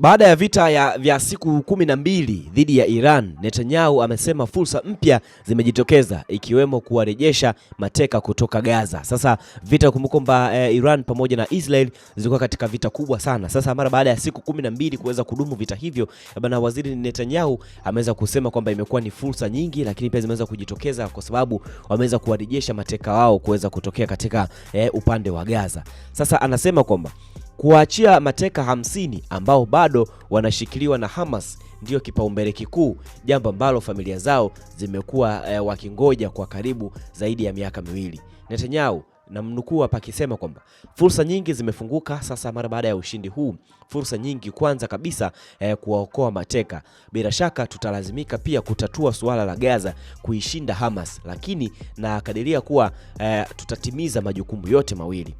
Baada ya vita ya, vya siku kumi na mbili dhidi ya Iran, Netanyahu amesema fursa mpya zimejitokeza ikiwemo kuwarejesha mateka kutoka Gaza. Sasa vita, kumbuka kwamba eh, Iran pamoja na Israel zilikuwa katika vita kubwa sana. Sasa mara baada ya siku kumi na mbili kuweza kudumu vita hivyo, bwana waziri Netanyahu ameweza kusema kwamba imekuwa ni fursa nyingi, lakini pia zimeweza kujitokeza kwa sababu wameweza kuwarejesha mateka wao kuweza kutokea katika e, upande wa Gaza. Sasa anasema kwamba kuwaachia mateka hamsini ambao bado wanashikiliwa na Hamas ndiyo kipaumbele kikuu, jambo ambalo familia zao zimekuwa e, wakingoja kwa karibu zaidi ya miaka miwili. Netanyahu na mnukuu hapa akisema kwamba fursa nyingi zimefunguka sasa mara baada ya ushindi huu, fursa nyingi. Kwanza kabisa eh, kuwaokoa mateka. Bila shaka tutalazimika pia kutatua suala la Gaza, kuishinda Hamas, lakini na kadiria kuwa eh, tutatimiza majukumu yote mawili.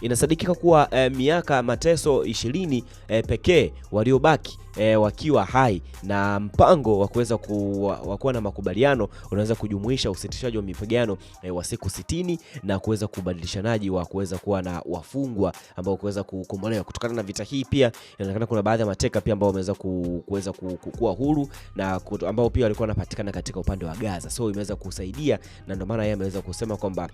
Inasadikika kuwa e, miaka mateso ishirini e, pekee waliobaki e, wakiwa hai na mpango wa kuweza kuwa na makubaliano unaweza kujumuisha usitishaji wa mapigano e, wa siku sitini na kuweza kubadilishanaji wa kuweza kuwa na wafungwa ambao kuweza kukombolewa kutokana na vita hii. Pia inaonekana kuna baadhi ya mateka pia ambao wameweza kuweza kuwa huru na ambao pia walikuwa wanapatikana katika upande wa Gaza, so imeweza kusaidia na ndio maana yeye ameweza kusema kwamba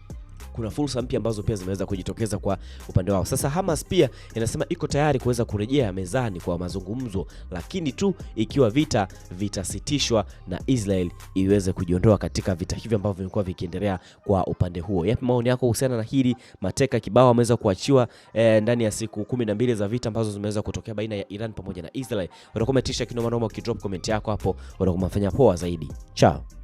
kuna fursa mpya ambazo pia zimeweza kujitokeza kwa upande wao. Sasa Hamas pia inasema iko tayari kuweza kurejea mezani kwa mazungumzo, lakini tu ikiwa vita vitasitishwa na Israel iweze kujiondoa katika vita hivyo ambavyo vimekuwa vikiendelea kwa upande huo. Yapi maoni yako kuhusiana na hili? Mateka kibao ameweza kuachiwa eh, ndani ya siku kumi na mbili za vita ambazo zimeweza kutokea baina ya Iran pamoja na Israel. kinoma noma, ukidrop comment yako hapo fanya poa zaidi. Chao.